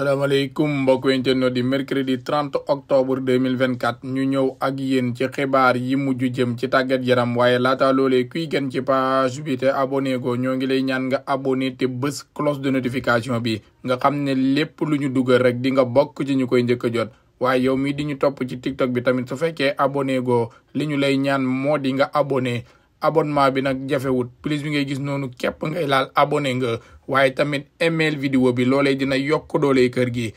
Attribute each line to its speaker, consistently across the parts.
Speaker 1: salaamaaleykum mbokk internet di mercredi 30 octobre 2024 ñu ñëw ak yéen ci xibaar yi mujj jëm ci tàggat yaram waaye laata loolee kuy gën ci page bi te abonné go ñoo ngi lay ñaan ga abonné te bés cloche de notification bi nga xam ne lépp lu ñu dugal rek di nga bokk ci ñu koy njëkk a jot waaye yow mii di ñu topp ci tiktok bi tamit su fekkee abonné go li ñu lay ñaan moo di nga abonné abonnement bi nag jafewut plus bi ngay gis noonu képp ngay laal abone nga waaye tamit email vidéo bi loole dina yokk doole kër gi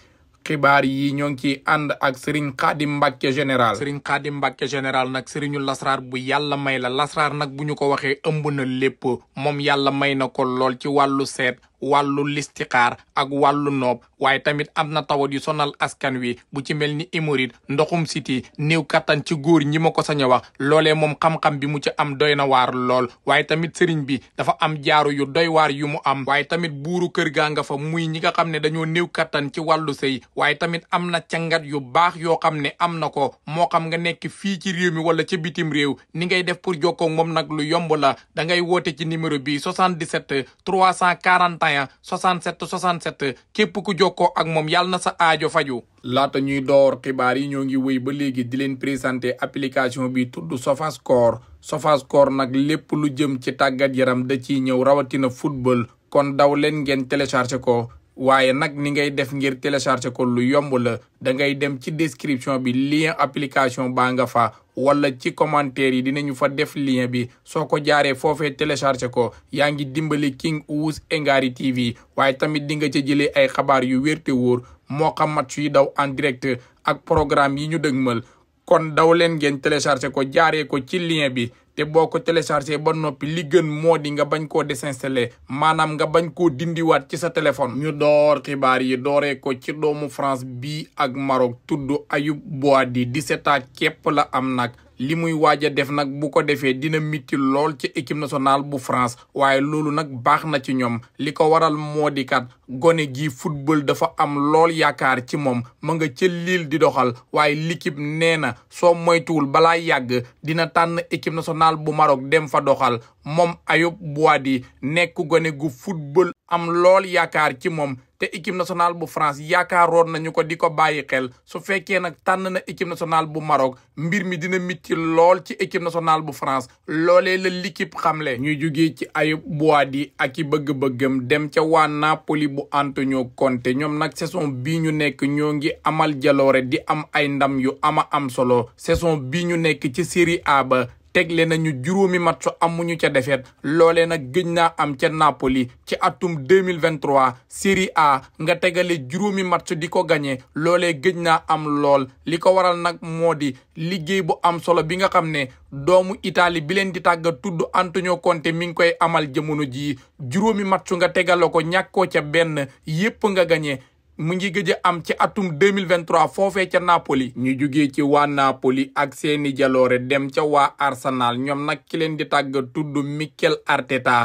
Speaker 1: xibaar yi ñoo ngi ciy ànd ak Serigne Khadim Mbacke général. Serigne Khadim Mbacke général nag Serigne lasraar bu yàlla may la lasraar nag bu ñu ko waxee ëmb na lépp moom yàlla may na ko lool ci wàllu seet. wàllu listixaar ak wàllu noob waaye tamit am na tawat yu sonal askan wi bu ci mel ni hémorroïde ndoxum siti néew kattan ci góor ñi ma ko sañ wax loole moom xam-xam bi mu ci am doy na waar lool waaye tamit sëriñ bi dafa am jaaru yu doy waar yu mu am waaye tamit buuru kër gaa nga fa muy ñi nga xam ne dañoo néew kattan ci wàllu sëy waaye tamit am na cangat yu baax yoo xam ne am na ko moo xam nga nekk fii ci réew mi wala ci bitim réew ni ngay def pour jokkoo moom nag lu yomb da ngay woote ci numéro bi 77 341 citoyen 67 67 képp ku jokkoo ak moom yàlla na sa aajo faju laata ñuy door xibaar yi ñoo ngi wéy ba léegi di leen présenté application bi tudd SofaScore SofaScore nag lépp lu jëm ci tàggat yaram da ciy ñëw rawatina football kon daw leen ngeen téléchargé ko waaye nag ni ngay def ngir télécharger ko lu yomb la da ngay dem ci description bi lien application baa nga fa wala ci commentaire yi dinañu fa def lien bi soo ko jaaree foofe télécharger ko yaa ngi dimbali King Ouse et Ngary TV waaye tamit di nga ca jëlee ay xabaar yu wér te moo xam match yi daw en direct ak programme yi ñu dëgmal kon daw leen ngeen télécharger ko jaaree ko ci lien bi te boo ko téléchargé ba noppi li gën moo di nga bañ koo désinstallé maanaam nga bañ koo dindiwaat ci sa téléphone. ñu door xibaar yi dooree ko ci doomu France bi ak Maroc tudd Ayoub Boadi di ans képp la am nag. li muy waaj a def nag bu ko defee dina miti lool ci équipe nationale bu France waaye loolu nag baax na ci ñoom li ko waral moo di kat gone gi football dafa am lool yaakaar ci moom ma nga ca Lille di doxal waaye l'équipe nee na soo moytuwul bala yàgg dina national bu Maroc dem fa doxal moom Ayoub Boadi nekk gone gu football am lool yaakaar ci moom te équipe nationale bu France yaakaaroon nañu ko di ko bàyyi xel su fekkee nag tànn na équipe nationale bu Maroc mbir mi dina mitti lool ci équipe nationale bu France loolee la xam xamle. ñuy jugee ci Ayoub Boadi ak i bëgg-bëggam dem ca waa Napoli bu Antonio Conte ñoom nag saison bii ñu nekk ñoo ngi amal jaloore di am ay ndam yu ama am solo saison bii ñu nekk ci Serie A tegle nañu juróomi match amuñu ca defet loolee nag gëj naa am ca Napoli ci atum 2023 Serie A nga tegale juróomi match di ko gagné loole gëj naa am lool li ko waral nag moo di liggéey bu am solo bi nga xam ne doomu Italie bi leen di tàggat tudd Antonio Conte mi ngi koy amal jamono jii juróomi match nga tegale ko ñàkkoo ca benn yépp nga gagné mu ngi gëj am ci atum 2023 foofee ca Napoli ñu jugee ci waa Napoli ak seeni jaloore dem ca waa Arsenal ñoom nag ki leen di tàgg tudd Mikel Arteta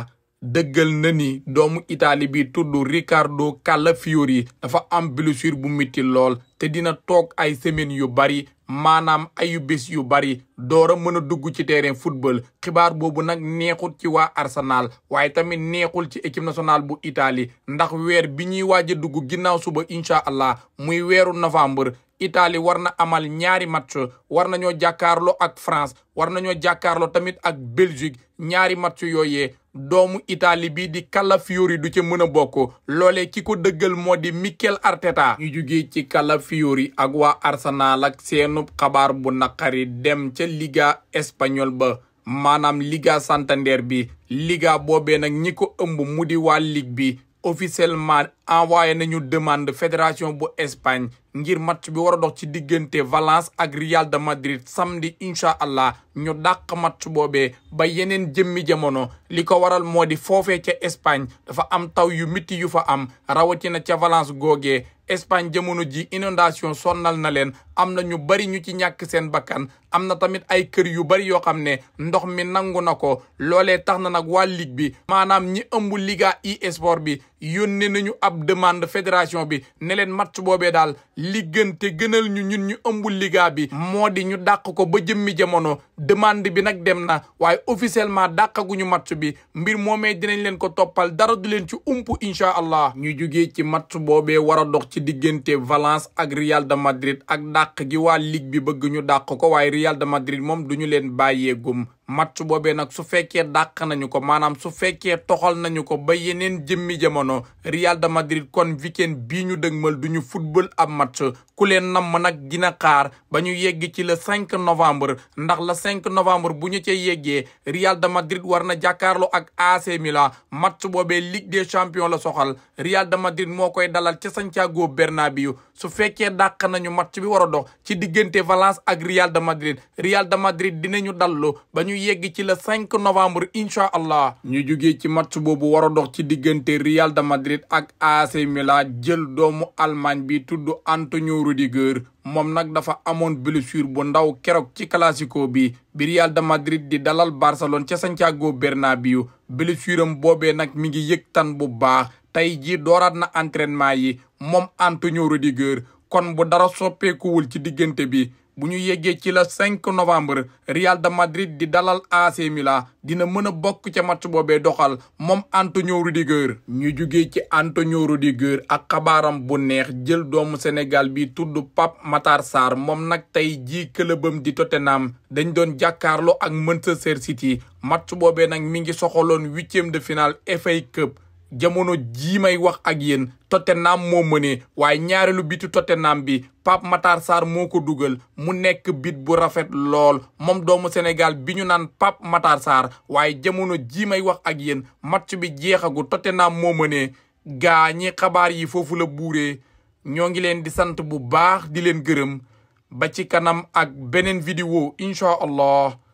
Speaker 1: dëggal na ni doomu itali bi tudd Riccardo Calafiori dafa am blessure bu metti lool te dina toog ay semaines yu bari maanaam ayu bés yu bari doora mën a dugg ci terrain football xibaar boobu nag neexul ci waa Arsenal waaye tamit neexul ci équipe nationale bu itali ndax weer bi ñuy waaj a ginnaaw suba incha allah muy weeru novembre itali war na amal ñaari match war nañoo jàkkaarloo ak France war nañoo jàkkaarloo tamit ak Belgique ñaari match yooyee doomu itali bi di Calafiori du ci mën a bokk loole ki ko dëggal moo di Mikel Arteta ñu jugee ci Calafiori ak waa Arsenal ak seenu xabaar bu naqari dem ca Liga espagnol ba maanaam Liga Santander bi Liga boobee nag ñi ko ëmb mu di waa ligue bi officiellement envoyé nañu demande fédération bu Espagne ngir match bi war a dox ci diggante Valence ak Real de Madrid samedi incha allah ñu dàq match boobee ba yeneen jëmmi jamono li ko waral moo di foofee ca Espagne dafa am taw yu miti yu fa am rawatina ca Valence googee Espagne jamono ji inondation sonnal na leen am na ñu bari ñu ci ñàkk seen bakkan am na tamit ay kër yu bari yoo xam ne ndox mi nangu na ko loole tax na nag waa ligue bi maanaam ñi ëmb liga e sport ab demande fédération bi ne leen match boobee daal liggante gënal ñu ñun ñu ëmbul liga bi moo di ñu dàq ko ba jëmmi jamono demande bi nag dem na waaye officiellement dàqaguñu match bi mbir moomee dinañ leen ko toppal dara du leen ci ump incha allah ñu jugee ci match boobee war a dox ci diggante Valence ak Real de Madrid ak dàq gi waa ligue bi bëgg ñu dàq ko waaye Real de Madrid moom du ñu leen bàyyeegum match boobee nag su fekkee dàq nañu ko maanaam su fekkee toxal nañu ko ba yeneen jëmmi jamono Real de Madrid kon weekend bii ñu dëgmal du ñu football ab match ku leen namm nag gina xaar ba ñu yegg ci le 5 novembre ndax la 5 novembre bu ñu cee yeggee Real de Madrid war na jàkkaarloo ak AC Milan match boobee Ligue des champions la soxal Real de Madrid moo koy dalal ca Santiago Bernabéu su fekkee dàq nañu match bi war a dox ci diggante Valence ak Real de Madrid Real de Madrid dinañu dallu yegg ci la 5 novembre incha allah ñu jugee ci match boobu war a dox ci diggante Real de Madrid ak AC Milan jël doomu Allemagne bi tudd Antonio Rudiger moom nag dafa amoon blessure bu ndaw keroog ci classico bi bi Real de Madrid di dalal Barcelone ca Santiago Bernabéu blessure am boobee nag mi ngi yëg tan bu baax tey jii dooraat na entraînement yi moom Antonio Rudiger kon bu dara soppeekuwul ci diggante bi bu ñu yeggee ci la 5 novembre Real de Madrid di dalal AC Milan dina mën a bokk ca match boobee doxal moom Antonio Rudiger ñu jugee ci Antonio Rudiger ak xabaaram bu neex jël doomu Sénégal bi tudd Pape Matar Sarr moom nag tey jii këlëbam di Tottenham dañ doon jàkkaarloo ak Manchester City match boobee nag mi ngi soxaloon huitième de finale FA Cup jamono jii may wax ak yéen Tottenham moo mënee waaye ñaareelu bitu nam bi Pape Matar Sarr moo ko dugal mu nekk bit bu rafet lool moom doomu Sénégal bi ñu naan Pape Matar Sarr waaye jamono jii may wax ak yéen match bi jeexagu Tottenham moo mënee gaa ñi xabaar yi foofu la buuree ñoo ngi leen di sant bu baax di leen gërëm ba ci kanam ak beneen vidéo incha allah